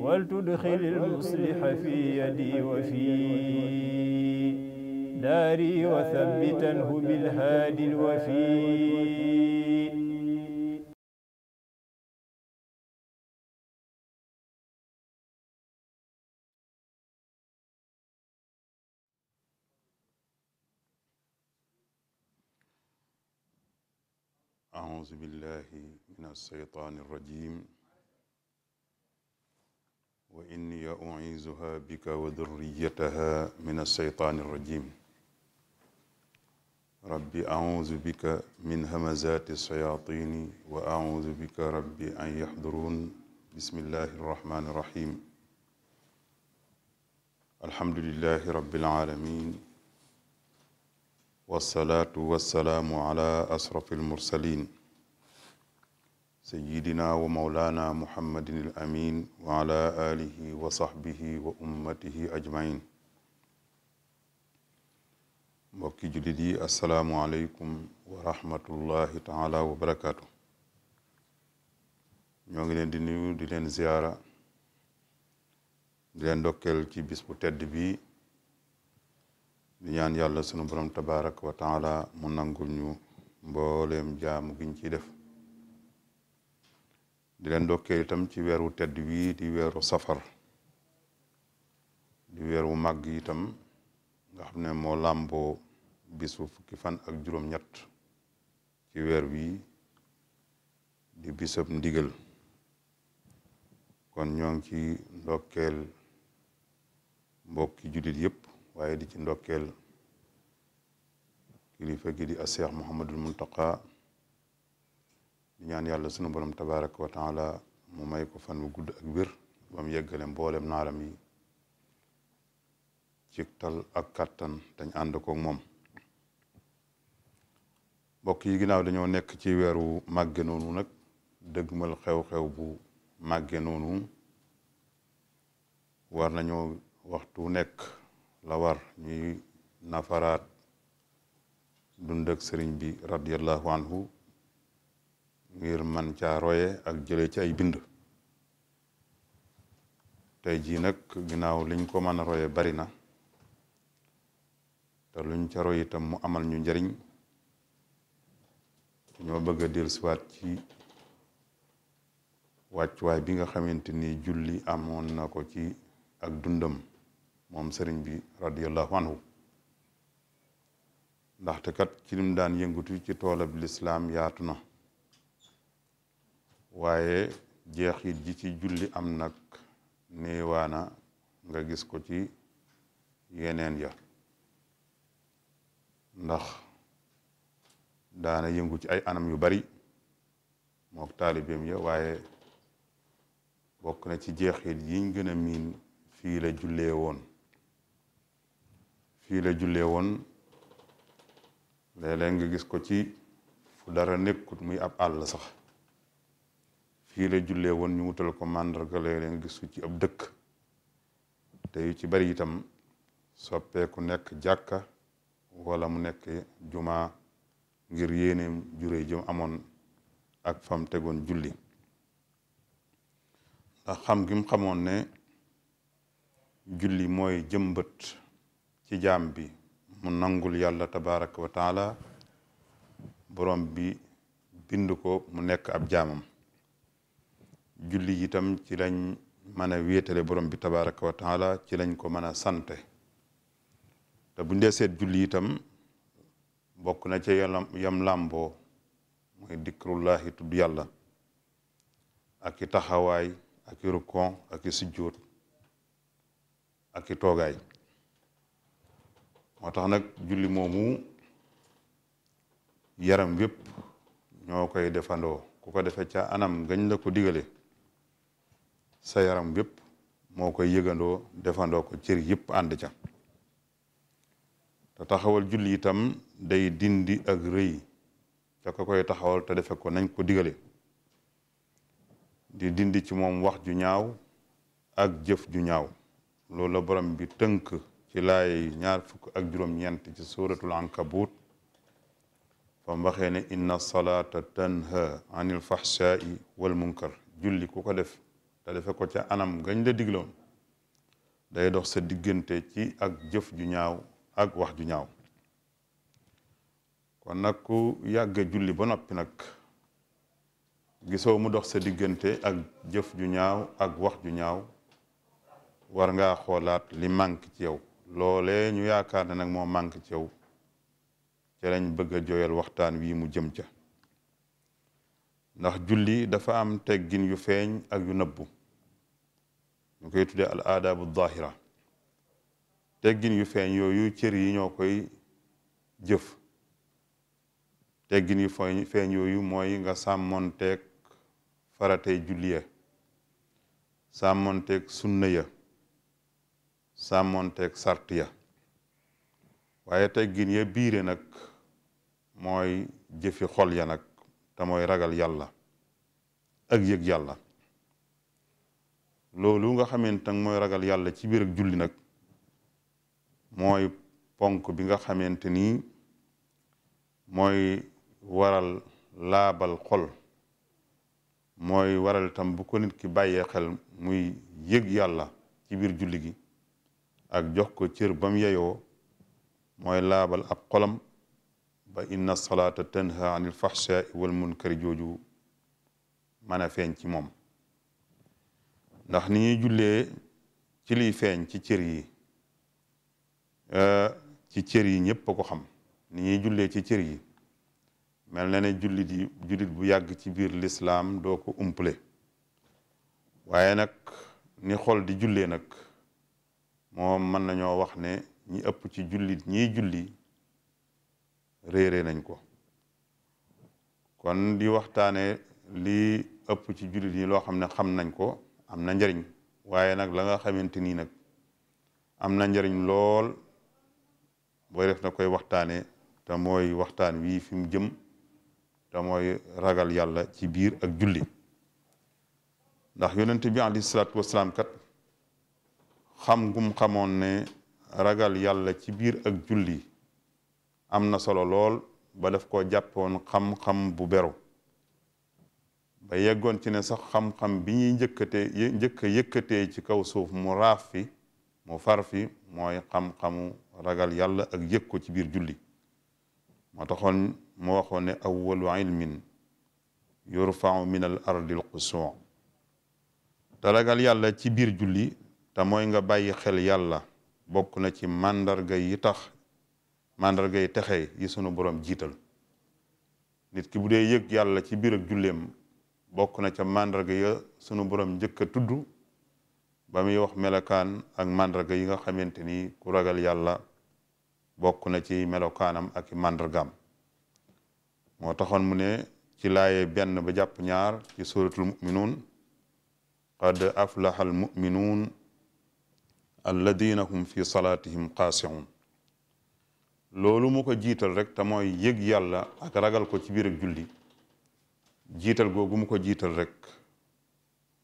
ولتدخل المصلح في يدي وفي داري وثبتنه بالهادي الوفي أعوذ بالله من الشيطان الرجيم wa inni u'iizuha bika wa durriyataha min ash-shaytaani r-rajiim rabbi a'uuzu bika min hamazaati sh-shayaatiin wa a'uuzu bika rabbi an yahduruun bismillaahi r-rahmaani r-rahiim alhamdulillaahi rabbil aalamiin wassalaatu wassalaamu alaa ashrafil mursaliin sayyidina wa mawlaana muhammadin al amin wa ala wa sahbihi wa ummatihi ajmain mbokki jullit yi assalaamu wa rahmatullahi taala wa barakaatu ñoo ngi leen di nuyu di leen ziyaara di leen dokkeel ci bis bu tedd bi di ñaan yàlla sunu borom tabaaraka wa taala mu nangul ñu mbooleem jaamu giñ def di leen ndokkeel itam ci weer wu tedd wii di weeru safar di weer wu màgg yitam nga xam ne moo làmboo bisu fukki fan ak juróom-ñett ci weer wii di bisab ndigal kon ñoo ngi ci ndokkeel mbokki jullit yépp waaye di ci ndokkeel kilifa gi di a Seex Muhammadul Muntaqa ñaan yàlla sunu borom tabaaraka wa taala mu may ko fan wu gudd ak wér ba mu yeggale mboolem naaram yi ci ak kattan dañ ànd koog moom. mbokk yi ginnaaw dañoo nekk ci weeru màgge noonu nag dëggmal xew-xew bu màgge noonu war nañoo waxtu nekk la war ñuy nafaraat dund ak sëriñ bi radiyallahu anhu ngir man caa roye ak jële ci ay bind tey jii nag ginnaaw liñ ko mën a roye bari na te luñ ca roy itam mu amal ñu njariñ ñoo bëgg a dellusiwaat ci wàccuwaay bi nga xamante ni julli amoon na ko ci ak dundam moom sëriñ bi radiyallahu anhu ndaxte kat ci lim daan yëngatu ci toolab lislaam yaatu na waaye jeexit ji ci julli am nag néewaana nga gis ko ci yeneen ya ndax daana yëngu ci ay anam yu bari mook taalibeem ya waaye bokk na ci jeexit yiñ gën a miin fii la jullee woon fii la jullee woon léeg-léeg nga gis ko ci fu dara nekkut muy ab àll sax kii la jullee woon ñu wutal ko màndarga léeg-léeg nga gis ci ab dëkk te yu ci bari itam soppeeku nekk jàkka wala mu nekk juma ngir yéeneem juree jëm amoon ak fam tegoon julli ndax xam gim xamoon ne julli mooy jëmbët ci jaam bi mu nangul yàlla tabaraka wa borom bi bind ko mu nekk ab jaamam julli itam ci lañ mën a wéetale bi tabaraka wa taala ci lañ ko mën a sante te buñ seet julli itam bokk na ca yam làmboo mooy dikrullahi tudd yàlla akki taxawaay ak i rukon ak i sujjóot toogaay moo tax nag julli moomu yaram wépp ñoo koy defandoo ku ko defee ca anam gañ la ko digale sa yaram yëpp moo koy yëgandoo defandoo ko cër yëpp ànd ca te taxawal julli itam day dindi ak rëy ca koy taxawal te defe ko nañ ko digale di dindi ci moom wax ju ñaaw ak jëf ju ñaaw loolu la borom bi tënk ci laay ñaar fukk ak juróom-ñeent ci suratul ankabut fa mu waxee ne inna salaata tanha anil fahshaai wal munkar julli ku ko def te defe ko ca anam gañ la digloon day dox sa diggante ci ak jëf ju ñaaw ak wax ju ñaaw kon nag ku yàgga julli ba noppi nag gisoo mu dox sa diggante ak jëf ju ñaaw ak wax ju ñaaw war nga xoolaat li manque ci yow loole ñu yaakaar ne nag moo manque ci yow ca lañ bëgg a jooyal waxtaan wi mu jëm ca ndax julli dafa am teggin yu feeñ ak yu nëbbu ñu koy tuddee al aadaabu zaahira teggin yu feeñ yooyu cër yi ñoo koy jëf teggin yu feeñ yooyu mooy nga sàmmonteeg farate julli ya sàmmonteeg sunna ya sàmmonteeg sart ya waaye teggin ya biire nag mooy jëfi xol ya nag te mooy ragal yàlla ak yëg yàlla loolu nga xamante ne mooy ragal yàlla ci biir ak julli nag mooy ponk bi nga xamante ni mooy waral laabal xol mooy waral itam bu ko nit ki bàyyee xel muy yëg yàlla ci biir julli gi ak jox ko cër bam yeyoo mooy laabal ab xolam ba inna salaata tanha anil fahshaai wal munkari jooju mën a feeñ ci moom ndax ni ñuy jullee ci liy feeñ ci cër yi ci cër yi ñëpp ko xam ni ñuy jullee ci cër yi mel na ne jullit yi jullit bu yàgg ci biir lislaam doo ko umpale waaye nag ni xool di jullee nag moom mën nañoo wax ne ñi ëpp ci jullit ñiy julli réere nañ ko kon di waxtaane li ëpp ci jullit yi loo xam ne xam nañ ko am na njariñ waaye nag la nga xamante nii nag am na njariñ lool booy def na koy waxtaane te mooy waxtaan wi fi mu jëm te mooy ragal yàlla ci biir ak julli ndax yonent bi alayhi salaatu wasalaam kat xam gum xamoon ne ragal yàlla ci biir ak julli am na solo lool ba def koo jàppoon xam-xam bu beru ba yeggoon ci ne sax xam-xam bi ñuy njëkkatee njëkk yëkkatee ci kaw suuf mu raaf fi mu far fi mooy xam-xamu ragal yàlla ak yëg ko ci biir julli moo taxoon mu waxoon ne awwalu ilmin yurfau min al ardi al qusu te ragal yàlla ci biir julli te mooy nga bàyyi xel yàlla bokk na ci màndarga yi tax mandarga yi texe yi sunu borom jiital nit ki bu dee yëg yàlla ci biir ak bokk na ca mandarga ya sunu borom njëkk a tudd ba muy wax melokaan ak mandarga yi nga xamante ni ku ragal yàlla bokk na ci melokaanam ak mandargaam moo taxoon mu ne ci laaye benn ba jàpp ñaar ci suratul muminuun qad aflaha al muminuun alladina hum fi salaatihim xaasiun loolu mu ko jiital rek te mooy yëg yàlla ragal ko ci biir ak julli jiital googu mu ko jiital rek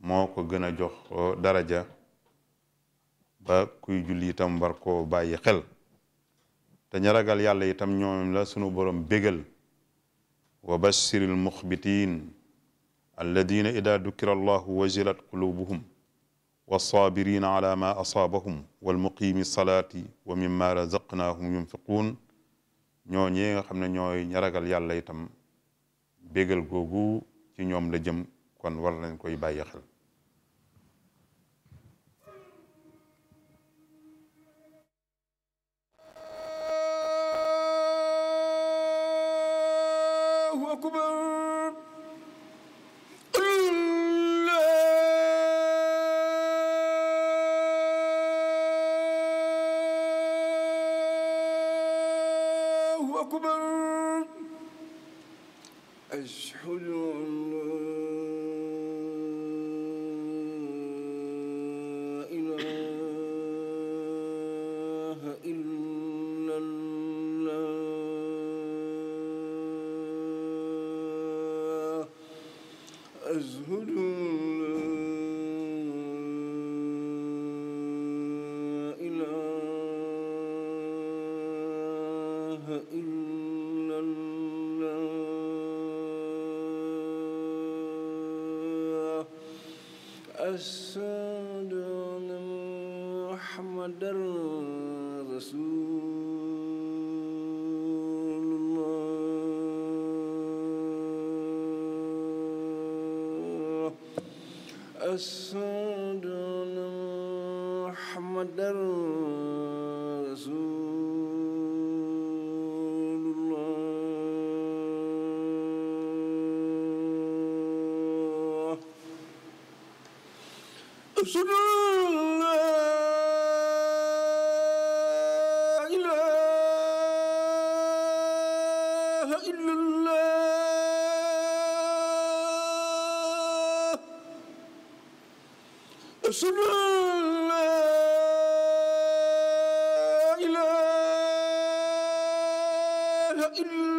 moo ko gën a jox daraja ba kuy julli itam war koo bàyyi xel te ña ragal yàlla itam ñoom la sunu borom bégal wa bashiril muxbitin alladina ida dukira allahu wajilat qulubuhum wassaabiriina ala maa asaabahum walmuqiimi salaati wa mimmaa razaqnaahum yunfiquun ñoo ñee nga xam ne ñooy ñaragal yàlla itam bégal googu ci ñoom la jëm kon war koy bàyyi xel أكبر أشهد أن لا إله إلا سيدنا محمد رسول الله أشهد أن لا إله إلا الله أشهد أن لا إله إلا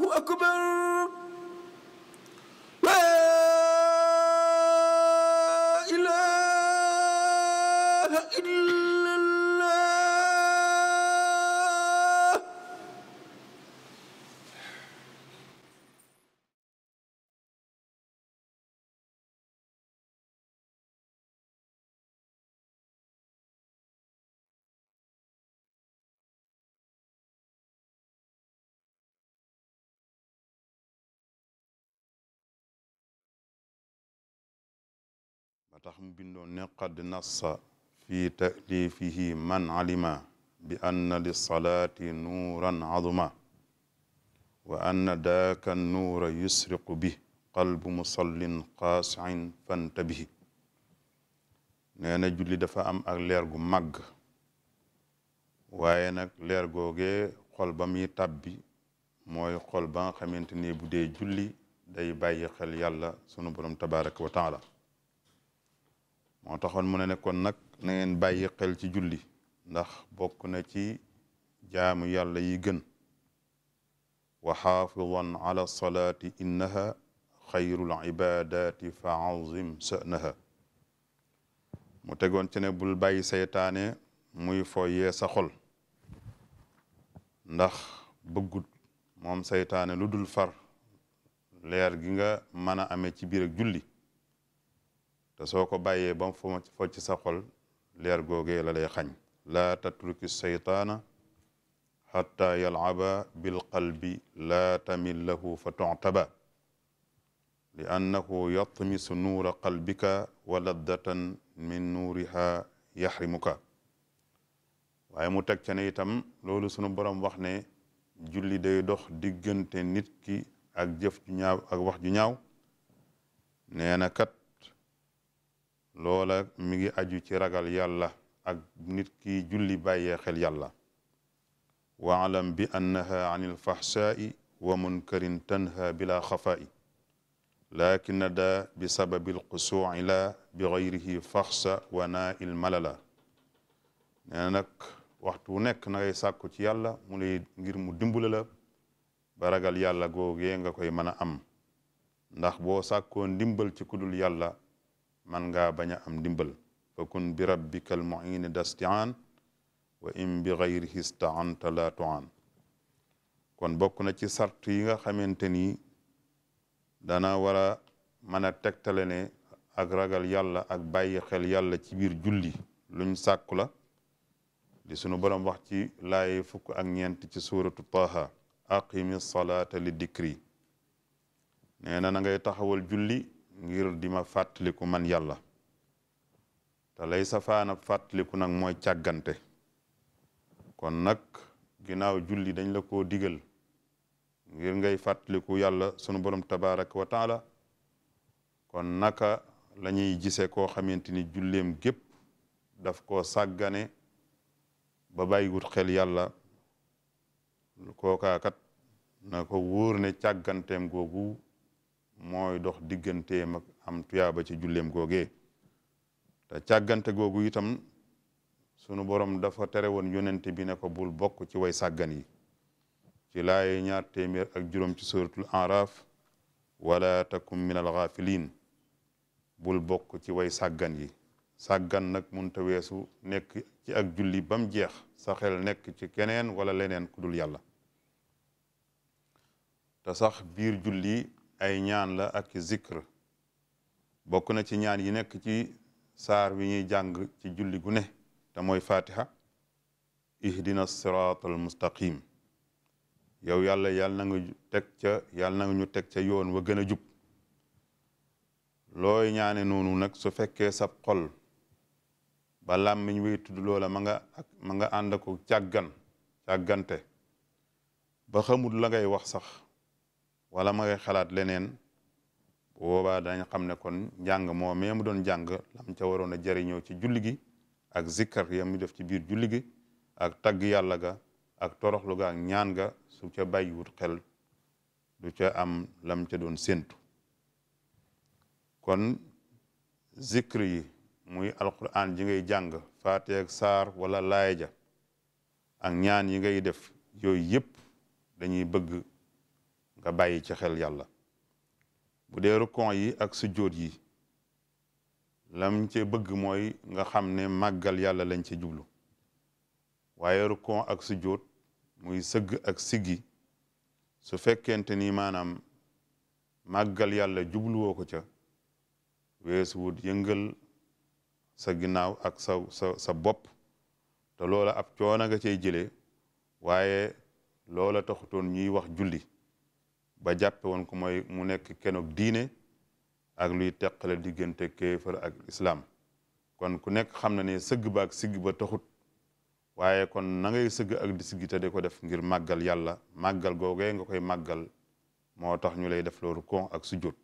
allahu akbar tax mu bindoon ne qad nassa fi talifihi man alima bi anna lilsalaati nuuran azuma wa anna daaka nuura yusriqu bi qalbu musallin qaasiin fantabihi nee julli dafa am ak leer gu màgg waaye nag leer googee xol ba mooy xol ba nga ni bu dee julli day bàyyi xel yàlla sunu borom tabaraka wa moo taxoon mu ne ne kon nag na ngeen bàyyi ci julli ndax bokk na ci jamu yàlla yi gën wa xaafidan ala salaati innaha xayrul ibadati fa azim sanaha mu tegoon ci ne bul bàyyi seytaane muy foyee sa xol ndax bëggut moom seytaane lu dul far leer gi nga mën a amee ci biir julli te soo ko bàyyee ba mu fo ci sa leer googee la lay xañ laa tatruki seytaana xatta yalcaba bilqalbi laa tamil lahu fa tuctaba li annahu yatmisu nuura qalbika wa laddatan min nuuriha yaxrimuka waaye mu teg ca ne itam loolu sunu borom wax ne julli day dox diggante nit ki ak jëf ñaaw ak wax ju ñaaw nee kat loola mi ngi aju ci ragal yàlla ak nit ki julli bàyyee xel yàlla waalam bi annaha an ilfaxsaai wa munkarin tanha bila xafaai lakin daa bi sababi lxusuuci la bi gayrihi faxsa wa naa il malala nee nag waxtu wu nekk na ngay ci yàlla mu lay ngir mu dimbala ba ragal yàlla googee nga koy mën a am ndax boo sàkkoo ndimbal ci kudul yàlla man nga bañ a am ndimbal fa bi rabbika al muini dastiaan wa in bi gayrihi staanta la tuaan kon bokk na ci sart yi nga xamante ni dana war a mën a tegtale ne ak ragal yàlla ak bàyyi xel yàlla ci biir julli luñ sàkku di sunu borom wax ci laaye fukk ak ñeent ci suuratu taaha aqimi salaata li dikri nee na taxawal julli ngir dima ma fàttaliku man yàlla te lay safaana fàttaliku nag mooy càggante kon nag ginnaaw julli dañ la ko digal ngir ngay fàttaliku yàlla sunu borom tabaraka wa kon naka la ñuy gisee koo xamante ni julleem gépp daf ko sàggane ba bàyyiwut xel yàlla kookaakat na ko wóor ne càgganteem googu mooy dox diggante ak am tuyaaba ci julleem googe te càggante googu itam sunu borom dafa tere woon yonent bi ne ko bul bokk ci way sàggan yi ci laaye ñaar téeméer ak juróom ci suratul araf wala takum min al ghafilin bul bokk ci way sàggan yi sàggan nag munta weesu nekk ci ak julli bam jeex sa nekk ci keneen wala leneen ku dul yàlla te sax biir julli ay ñaan la ak zikr bokk na ci ñaan yi nekk ci saar wi ñuy jàng ci julli gu ne te mooy fatiha ihdina sirat al mustaqim yow yàlla yàlla na teg ca yàlla na ñu teg ca yoon wa gën a jub looy ñaane noonu nag su fekkee sab xol ba làmmiñ way tudd loola ma nga ak ma nga ànd ba xamul la ngay wax sax wala ma ngay xalaat leneen boobaa dañ xam ne kon njàng moo mee mu doon njàng lam ca waroon a jëriñoo ci julli ak zikkar ya mu def ci biir julli ak tagg yàlla ga ak toroxlu ga ak ñaan ga su ca bàyyiwut xel du ca am lam ca doon séntu kon zikr yi muy alquran ji ngay jàng faateeg saar wala laaya ak ñaan yi ngay def yooyu yëpp dañuy bëgg nga bàyyi ca xel yàlla bu dee rukon yi ak sujjóot yi lam ci bëgg mooy nga xam ne màggal yàlla lañ ci jublu waaye rukon ak sujjóot muy sëgg ak siggi su fekkente ni maanaam màggal yàlla jubluwoo ko ca weesu wut yëngal sa ginnaaw ak sa sa sa bopp te loola ab coona nga cay jële waaye loola taxutoon ñuy wax julli ba jàppe woon ko mooy mu nekk kenoog diine ak luy teqale diggante kéefër ak islaam kon ku nekk xam na ne sëgg ak sigg ba taxut waaye kon na ngay sëgg ak di sigg ko def ngir màggal yàlla màggal googee nga koy màggal moo tax ñu lay def loolu kon ak sujjóot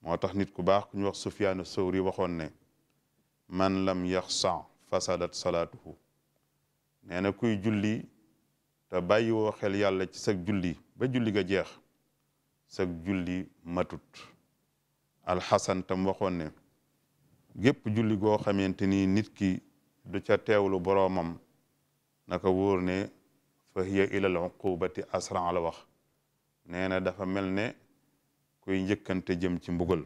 moo tax nit ku baax ku ñu wax Sufyaanu Sawri waxoon ne man lam yaxsan fasadat salaatuhu nee na kuy julli te bàyyiwoo xel yàlla ci sag julli ba julli ga jeex sag julli matut alxasan tam waxoon ne gépp julli goo xamante ni nit ki du ca teewlu boroomam naka wóor ne fa hiya ilal uqubati asran la wax nee na dafa mel ne kuy njëkkante jëm ci mbugal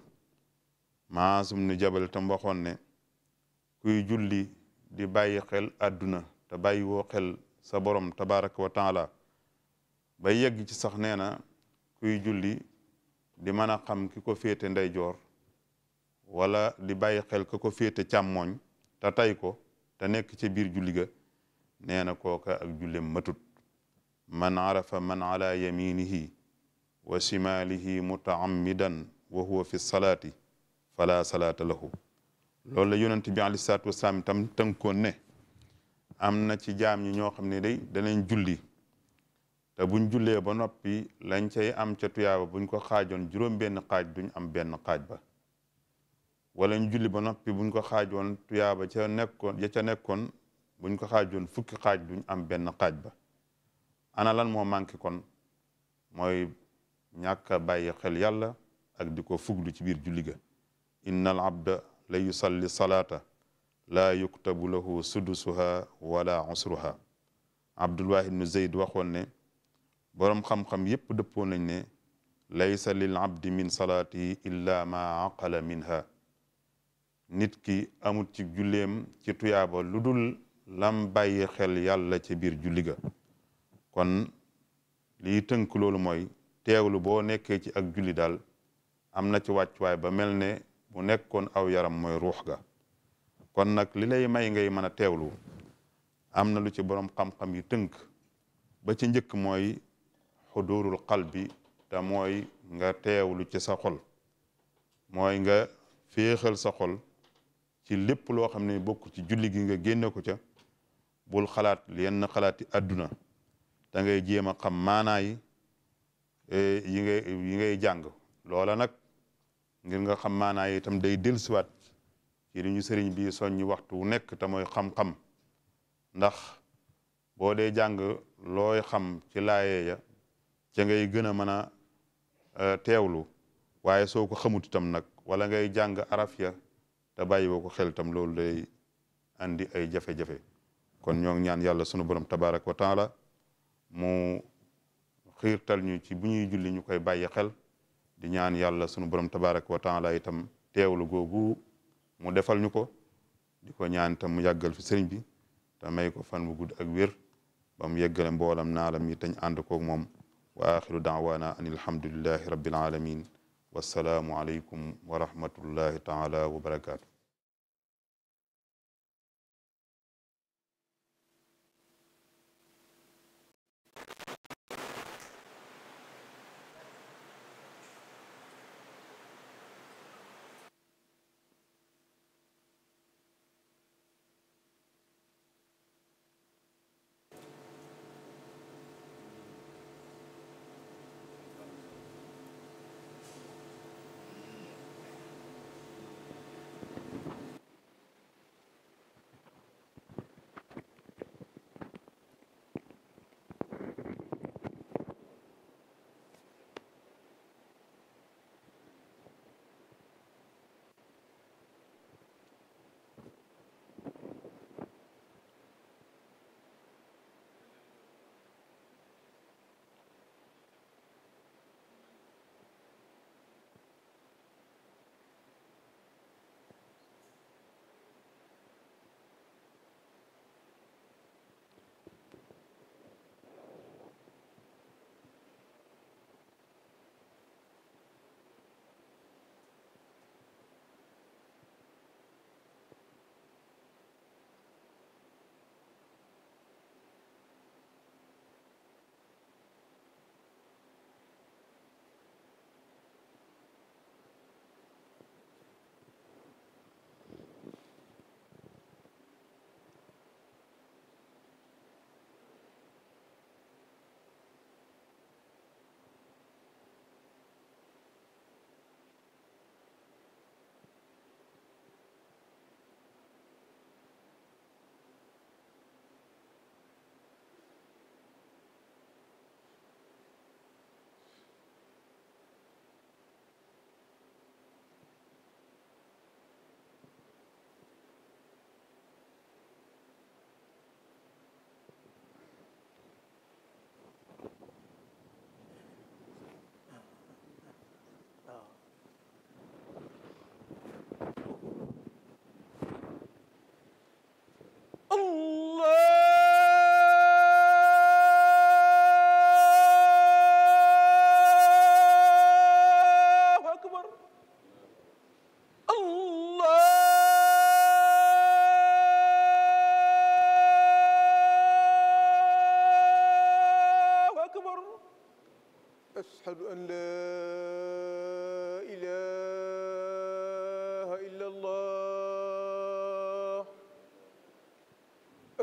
maasum nu jabal tam waxoon ne kuy julli di bàyyi xel àdduna te bàyyi woo xel sa borom tabaraka wa taala ba kuy julli di mën a xam ko féete ndeyjoor wala di bàyyi xel ka ko féete càmmooñ te tay ko te nekk ci biir julli ga na kooka ak jullem matut man arafa man ala yaminihi wa shimalihi mutaammidan wa huwa fi salaati fala salaata lahu loolu la yonent bi wasalaam tam tënkoon am na ci ñi ñoo ne day danañ julli te buñ jullee ba noppi lañ cay am ca tuyaaba buñ ko xaajoon juróom-benn xaaj duñ am benn xaaj ba wala julli ba noppi buñ ko xaajoon tuyaaba ca nekkoon ya ca nekkoon buñ ko xaajoon fukki xaaj duñ am benn xaaj ba ana lan moo manqué kon mooy ñàkk a bàyyi xel yàlla ak di ko fuglu ci biir julli ga inna al abda la yusalli salaata la yuktabu lahu sudusuha wala usruha abdulwahid ibnu zeyd waxoon ne boroom xam-xam yépp dëppoo nañ ne laysa lil abdi min salaatihi illa ma aqala minha nit ki amut ci julleem ci tuyaaba lu dul lam bàyyi xel yàlla ci biir julli ga kon lii tënk loolu mooy teewlu boo nekkee ci ak julli dal am na ci wàccuwaay ba mel ne bu nekkoon aw yaram mooy ruux ga kon nag li lay may ngay mën a teewlu am na lu ci borom xam-xam yi tënk ba ci njëkk mooy ko xudurul qalbi te mooy nga teewlu ci sa xol mooy nga féexal sa ci lépp loo xam ne bokk ci julli gi nga génne ko ca bul xalaat yenn xalaati àdduna da ngay jéem a xam maanaa yi e, yi nga yi ngay jàng loola nag ngir nga xam maanaa yi itam day dellusiwaat ci li ñu sëriñ bi soññ waxtu wu nekk te mooy xam-xam ndax boo dee jàng looy xam ci laaye ya ca ngay gën a mën a euh, teewlu waaye soo ko xamut tam nag wala ngay jàng araf ya te bàyyi woo ko xel itam loolu day andi ay jafe-jafe kon ñoo ngi ñaan yàlla sunu borom tabarak wa taala mu xiirtal ñu ci bu ñuy julli ñu koy bàyyi xel di ñaan yàlla sunu borom tabarak wa taala itam teewlu googu mu defal ñu ko di ko ñaan itam mu yàggal fi sëriñ bi te may ko fan bu gudd ak wér ba mu yeggale mboolam naalam yi tañ ànd koog moom wa axiru daawaana an alhamdulillahi rabbil alamin wassalaamu aleykum wa rahmatullahi taala wa barakaatu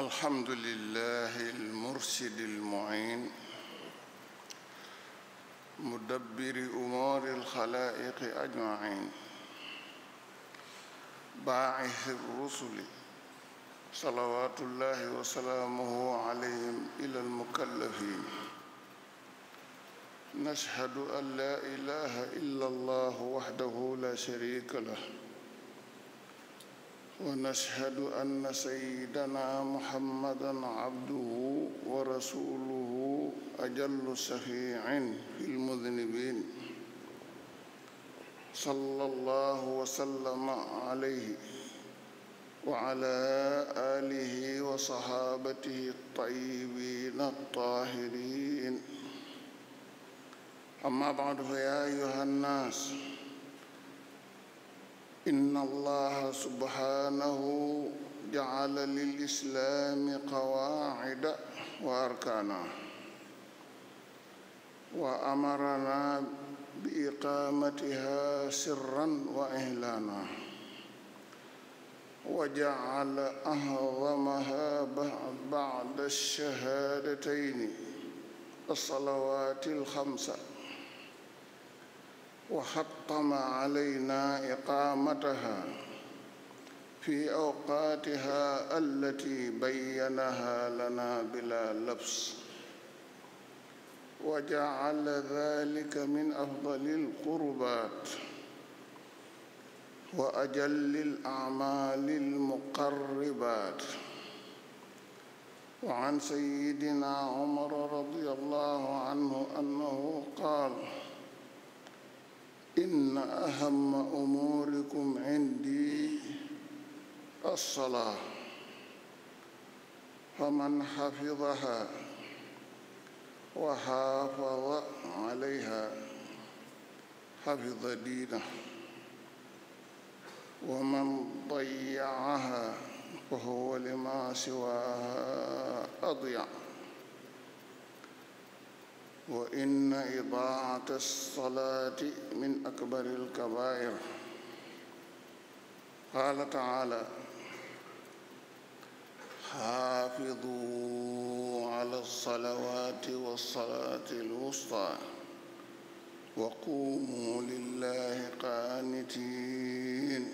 الحمد لله المرشد المعين مدبر أمور الخلائق أجمعين باعث الرسل صلوات الله وسلامه عليهم إلى المكلفين نشهد أن لا إله إلا الله وحده لا شريك له ونشهد أن سيدنا محمدا عبده ورسوله أجل سخيع في المذنبين صلى الله وسلم عليه وعلى آله وصحابته الطيبين الطاهرين أما بعد فيا أيها الناس إن الله سبحانه جعل للإسلام قواعد وأركانا وأمرنا بإقامتها سرا وإعلانا وجعل أعظمها بعد الشهادتين الصلوات الخمسة وحطم علينا إقامتها في أوقاتها التي بينها لنا بلا لبس وجعل ذلك من أفضل القربات وأجل الأعمال المقربات وعن سيدنا عمر رضي الله عنه أنه قال: إن أهم أموركم عندي الصلاة فمن حفظها وحافظ عليها حفظ دينه ومن ضيعها فهو لما سواها أضيع وإن إضاعة الصلاة من أكبر الكبائر قال تعالى حافظوا على الصلوات والصلاة الوسطى وقوموا لله قانتين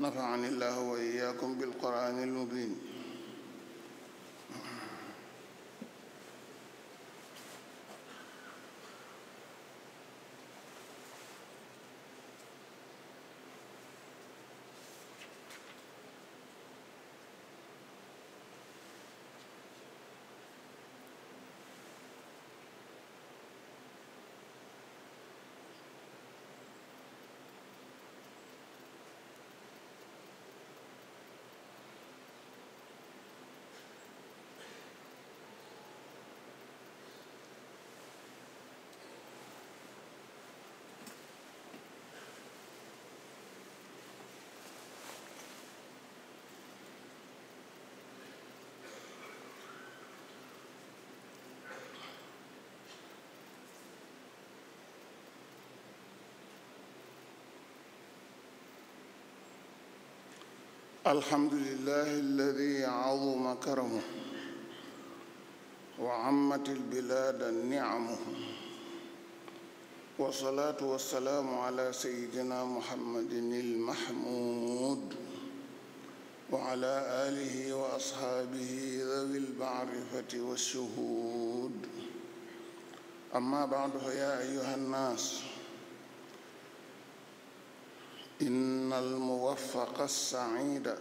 نفعني الله وإياكم بالقرآن المبين الحمد لله الذي عظم كرمه وعمت البلاد نعمه والصلاة والسلام على سيدنا محمد المحمود وعلى آله وأصحابه ذوي المعرفة والشهود أما بعد فيا أيها الناس إن الموفق السعيد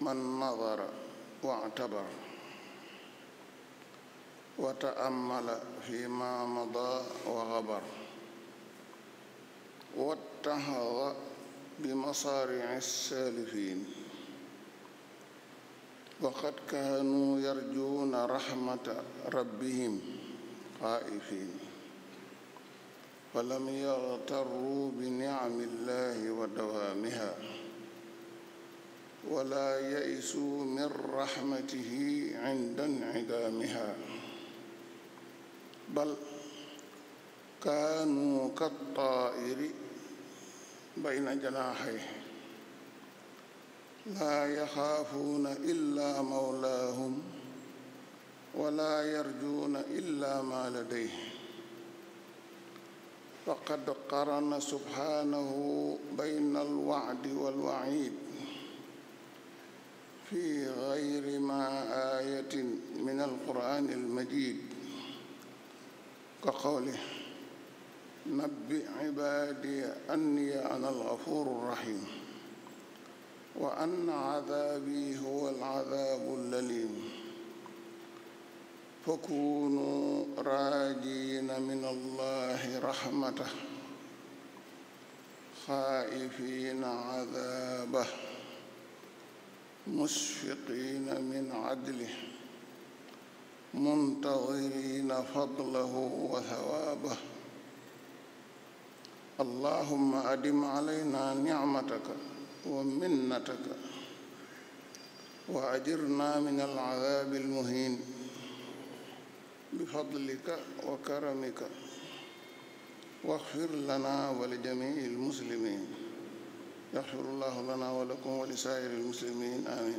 من نظر واعتبر وتأمل فيما مضى وغبر واتهظ بمصارع السالفين وقد كانوا يرجون رحمة ربهم خائفين فلم يغتروا بنعم الله ودوامها ولا يئسوا من رحمته عند انعدامها بل كانوا كالطائر بين جناحيه لا يخافون إلا مولاهم ولا يرجون إلا ما لديه waqad qarana subhanahu bayna alwacdi walwacid fi gayri ma ayatin min alquran almajid ka qawlih nabbi cibadi anni ana algafuru rahim wa anna cadabi huwa alcadabu allalim وكونوا راجين من الله رحمته خائفين عذابه مشفقين من عدله منتظرين فضله وثوابه اللهم أدم علينا نعمتك ومنتك وأجرنا من العذاب المهين بفضلك وكرمك واغفر لنا ولجميع المسلمين يغفر الله لنا ولكم ولسائر المسلمين آمين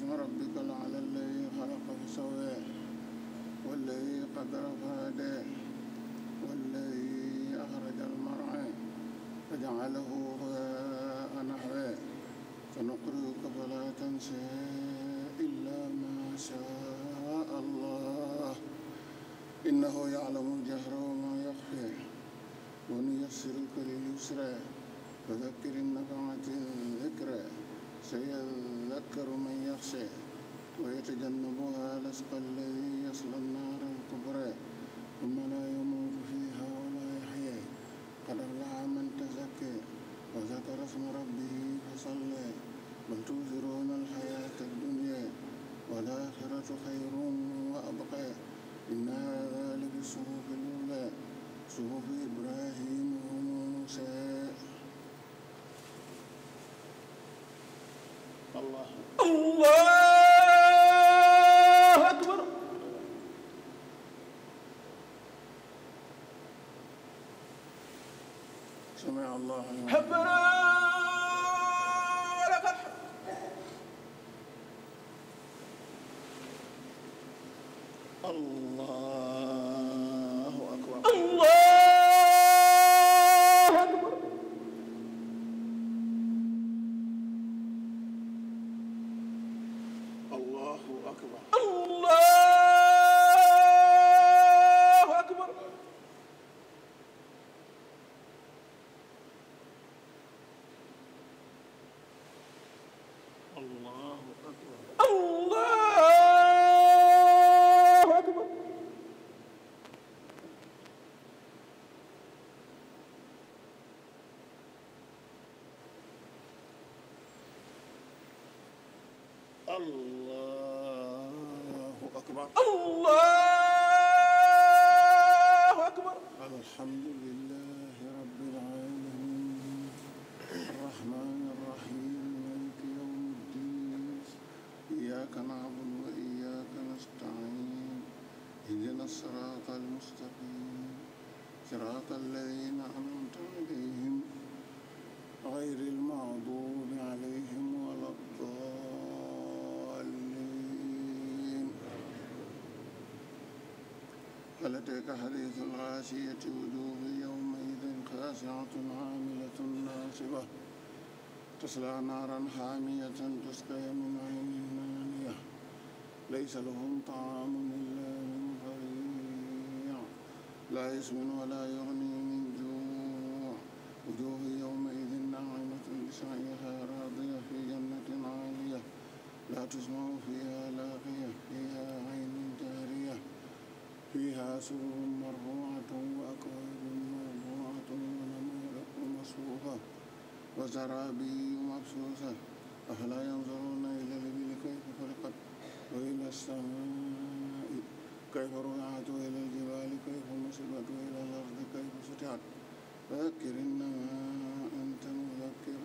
اسم ربك الأعلى الذي خلق فسواه والذي قدر فهداه والذي أخرج المرعى فجعله غاء نحواه سنقرئك فلا تنسى إلا ما شاء الله إنه يعلم الله أكبر الله أتلتك حديث الغاشية وجوه يومئذ خاشعة عاملة ناصبة تصلى نارا حامية تسقي من عين نانية ليس لهم طعام إلا من ضريع لا يسمن ولا يغني من جوع وجوه يومئذ ناعمة بسعيها راضية في جنة عالية لا تسمع فيها سرر مرفوعة وأكواب موضوعة ونمارق مصفوفة وزرابي مبسوسة أفلا ينظرون إلى الإبل كيف خلقت وإلى السماء كيف رفعت وإلى الجبال كيف نصبت وإلى الأرض كيف سطحت فذكر إنما أنت مذكر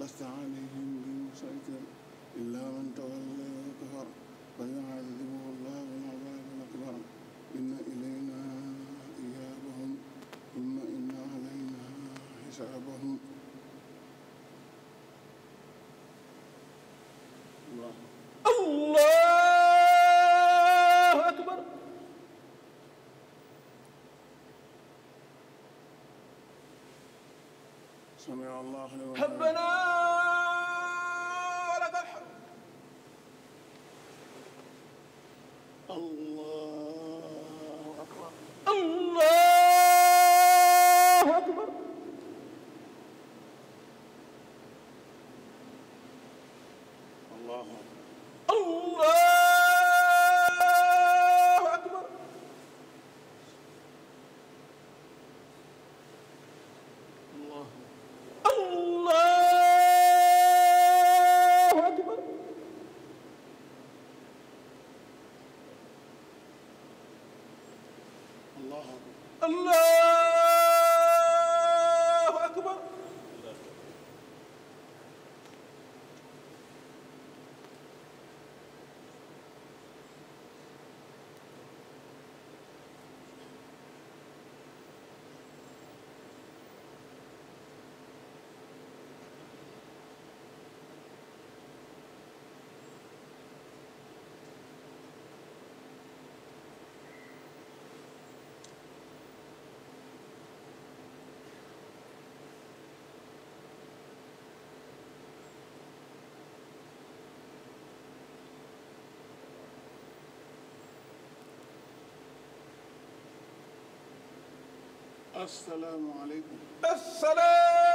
لست عليهم بمسيطر إلا من تولى وكفر فيعذب شربهم الله الله أكبر سمع الله لمن حمده ربنا asalaamaaleykum. asalaam.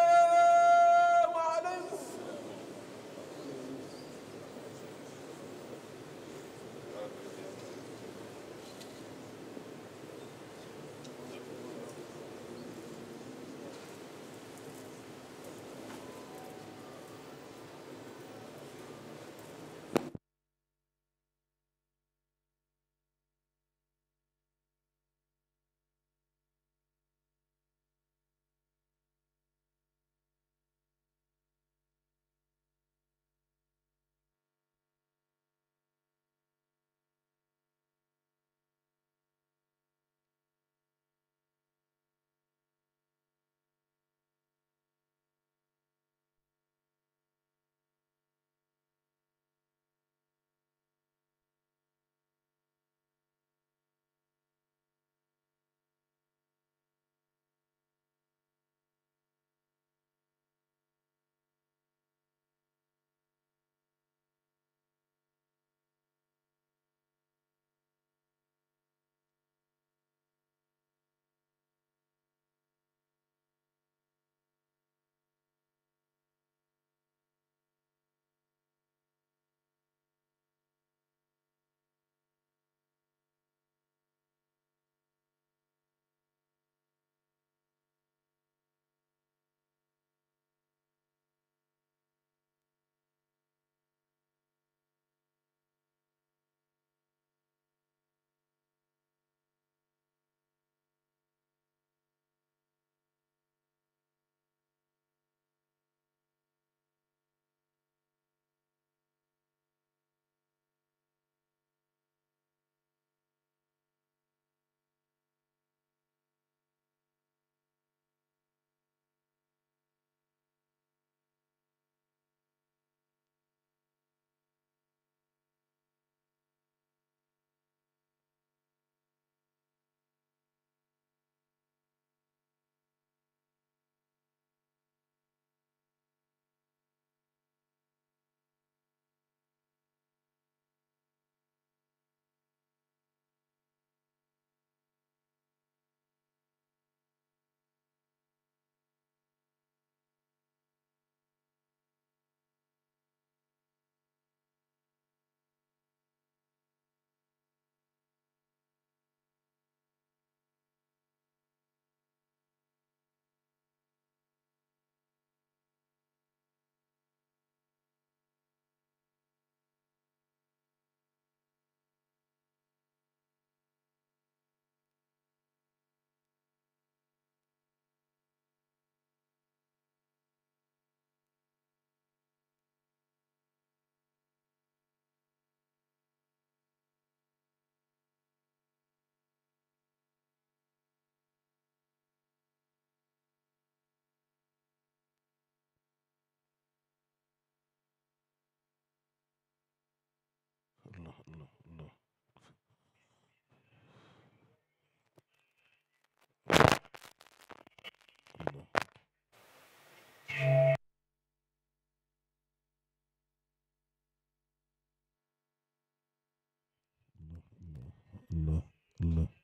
bismillah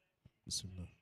bismillah